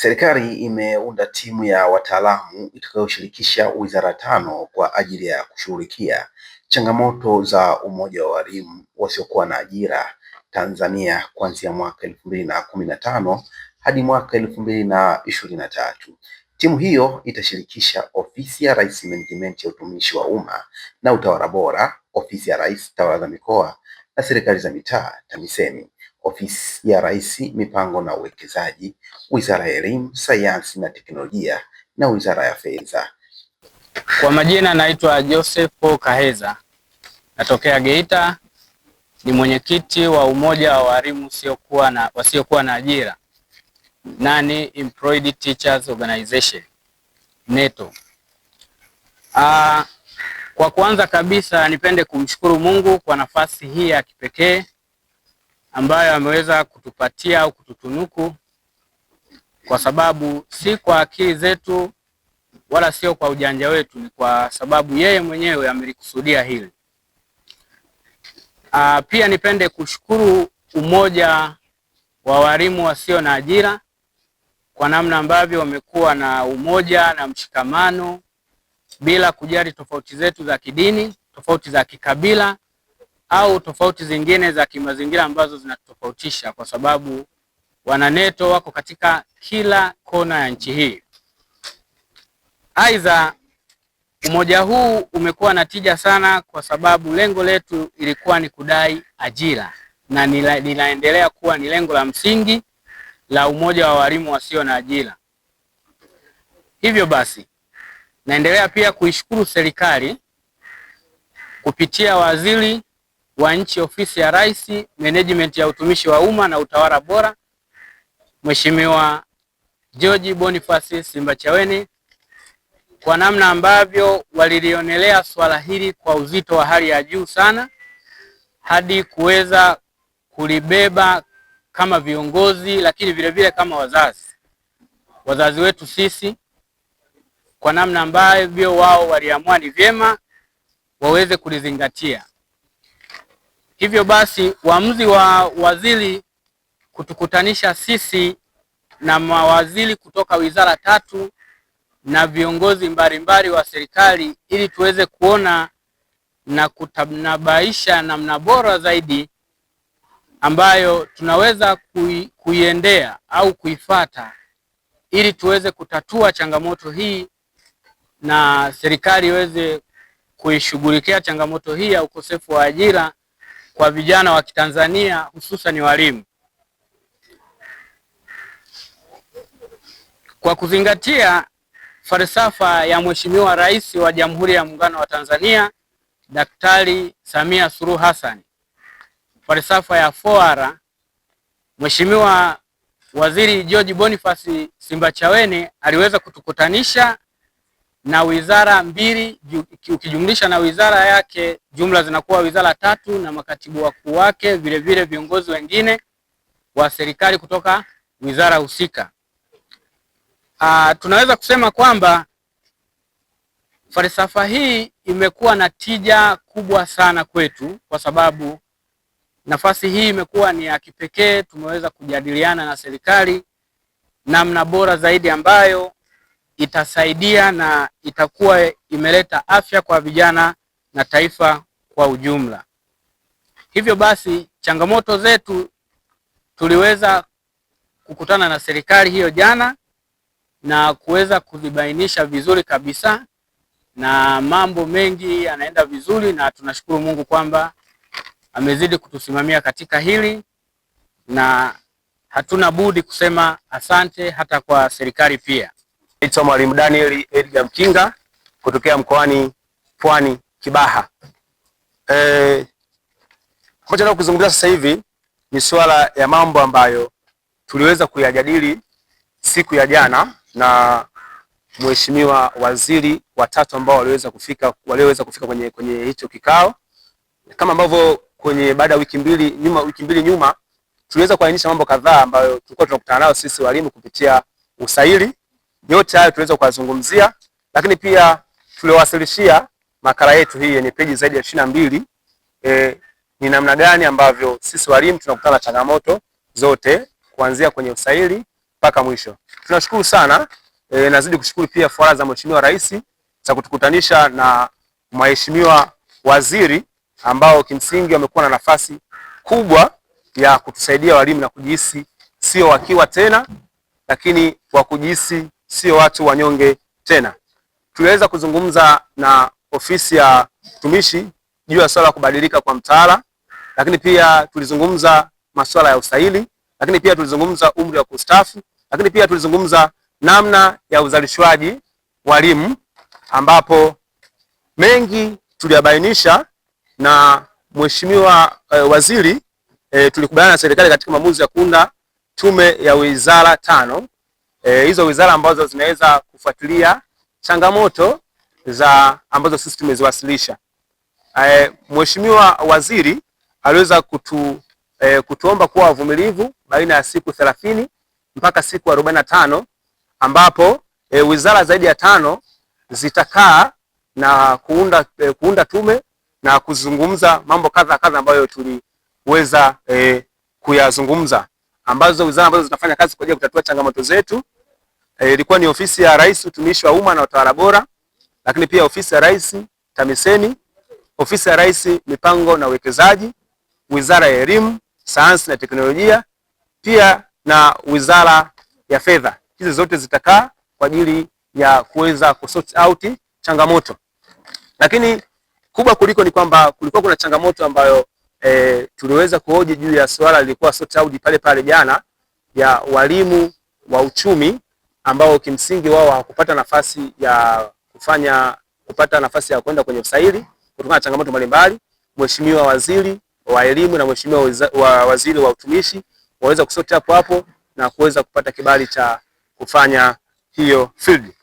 Serikali imeunda timu ya wataalamu itakayoshirikisha wizara tano kwa ajili ya kushughulikia changamoto za umoja wa walimu wasiokuwa na ajira Tanzania kuanzia mwaka elfu mbili na kumi na tano hadi mwaka elfu mbili na ishirini na tatu. Timu hiyo itashirikisha ofisi ya Rais Management ya utumishi wa umma na utawala bora, ofisi ya Rais tawala za mikoa na serikali za mitaa TAMISEMI. Ofisi ya Rais, Mipango na Uwekezaji, Wizara ya Elimu, Sayansi na Teknolojia na Wizara ya Fedha. Kwa majina naitwa Joseph Paul Kaheza, natokea Geita, ni mwenyekiti wa Umoja wa Walimu Wasiokuwa na Ajira, Nani Employed Teachers Organization, NETO. Aa, ah, kwa kwanza kabisa nipende kumshukuru Mungu kwa nafasi hii ya kipekee ambayo ameweza kutupatia au kututunuku, kwa sababu si kwa akili zetu wala sio kwa ujanja wetu, ni kwa sababu yeye mwenyewe amelikusudia hili. Aa, ah, pia nipende kushukuru umoja wa walimu wasio na ajira kwa namna ambavyo wamekuwa na umoja na mshikamano bila kujali tofauti zetu za kidini, tofauti za kikabila au tofauti zingine za kimazingira ambazo zinatofautisha, kwa sababu wananeto wako katika kila kona ya nchi hii. Aidha, umoja huu umekuwa na tija sana, kwa sababu lengo letu ilikuwa ni kudai ajira na linaendelea kuwa ni lengo la msingi la umoja wa walimu wasio na ajira. Hivyo basi, naendelea pia kuishukuru serikali kupitia waziri wa nchi ofisi ya Rais, Management ya utumishi wa umma na utawala bora, Mheshimiwa George Boniface Simbachawene kwa namna ambavyo walilionelea swala hili kwa uzito wa hali ya juu sana hadi kuweza kulibeba kama viongozi, lakini vilevile vile kama wazazi wazazi wetu sisi, kwa namna ambavyo wao waliamua ni vyema waweze kulizingatia. Hivyo basi uamuzi wa waziri kutukutanisha sisi na mawaziri kutoka wizara tatu na viongozi mbalimbali wa serikali ili tuweze kuona na kutanabaisha namna bora zaidi ambayo tunaweza kui, kuiendea au kuifata ili tuweze kutatua changamoto hii na serikali iweze kuishughulikia changamoto hii ya ukosefu wa ajira kwa vijana wa Kitanzania hususan walimu kwa kuzingatia falsafa ya Mheshimiwa Rais wa Jamhuri ya Muungano wa Tanzania Daktari Samia Suluhu Hassan, falsafa ya 4R. Mheshimiwa Waziri George Boniface Simbachawene aliweza kutukutanisha na wizara mbili, ukijumlisha na wizara yake jumla zinakuwa wizara tatu na makatibu wakuu wake, vilevile viongozi wengine wa serikali kutoka wizara husika. Aa, ah, tunaweza kusema kwamba falsafa hii imekuwa na tija kubwa sana kwetu, kwa sababu nafasi hii imekuwa ni ya kipekee. Tumeweza kujadiliana na serikali namna bora zaidi ambayo itasaidia na itakuwa imeleta afya kwa vijana na taifa kwa ujumla. Hivyo basi, changamoto zetu tuliweza kukutana na serikali hiyo jana na kuweza kuzibainisha vizuri kabisa, na mambo mengi yanaenda vizuri, na tunashukuru Mungu kwamba amezidi kutusimamia katika hili, na hatuna budi kusema asante hata kwa serikali pia. Naitwa Mwalimu Daniel Edgar Mkinga kutokea mkoani Pwani Kibaha. Eh, kuzungumza sasa hivi ni suala ya mambo ambayo tuliweza kuyajadili siku ya jana na mheshimiwa waziri watatu ambao waliweza kufika walioweza kufika kwenye kwenye hicho kikao, kama ambavyo kwenye baada ya wiki mbili nyuma wiki mbili nyuma tuliweza kuainisha mambo kadhaa ambayo tulikuwa tunakutana nayo sisi walimu kupitia usaili yote hayo tuweza kuwazungumzia lakini pia tuliowasilishia makala yetu hii yenye peji zaidi ya ishirini na mbili e, ni namna gani ambavyo sisi walimu tunakutana na changamoto zote kuanzia kwenye usaili mpaka mwisho. Tunashukuru sana e, nazidi kushukuru pia fara za Mheshimiwa Rais za kutukutanisha na Mheshimiwa Waziri ambao kimsingi wamekuwa na nafasi kubwa ya kutusaidia walimu na kujihisi sio wakiwa tena, lakini wa kujihisi sio watu wanyonge tena. Tuliweza kuzungumza na ofisi ya mtumishi juu ya swala la kubadilika kwa mtaala, lakini pia tulizungumza masuala ya usaili, lakini pia tulizungumza umri wa kustaafu, lakini pia tulizungumza namna ya uzalishwaji walimu, ambapo mengi tuliyabainisha na mheshimiwa e, waziri e, tulikubaliana na serikali katika maamuzi ya kuunda tume ya wizara tano Eh, hizo e, wizara ambazo zinaweza kufuatilia changamoto za ambazo sisi tumeziwasilisha. E, Mheshimiwa Waziri aliweza kutu, e, kutuomba kuwa wavumilivu baina ya siku thelathini mpaka siku arobaini na tano ambapo e, wizara zaidi ya tano zitakaa na kuunda, e, kuunda tume na kuzungumza mambo kadha kadha ambayo tuliweza e, kuyazungumza ambazo wizara ambazo zinafanya kazi kwa ajili ya kutatua changamoto zetu eh, ilikuwa e, ni ofisi ya Rais utumishi wa umma na utawala bora, lakini pia ofisi ya Rais tamiseni ofisi ya Rais mipango na uwekezaji, wizara ya elimu, sayansi na teknolojia, pia na wizara ya fedha. Hizi zote zitakaa kwa ajili ya kuweza kusort out changamoto, lakini kubwa kuliko ni kwamba kulikuwa kuna changamoto ambayo e, tuliweza kuhoji juu ya swala lilikuwa so taudi pale pale jana ya walimu wa uchumi ambao kimsingi wao hawakupata nafasi ya kufanya kupata nafasi ya kwenda kwenye usaili kutokana na changamoto mbalimbali. Mheshimiwa Waziri wa Elimu na Mheshimiwa wa Waziri wa Utumishi waweza kusote hapo hapo na kuweza kupata kibali cha kufanya hiyo field.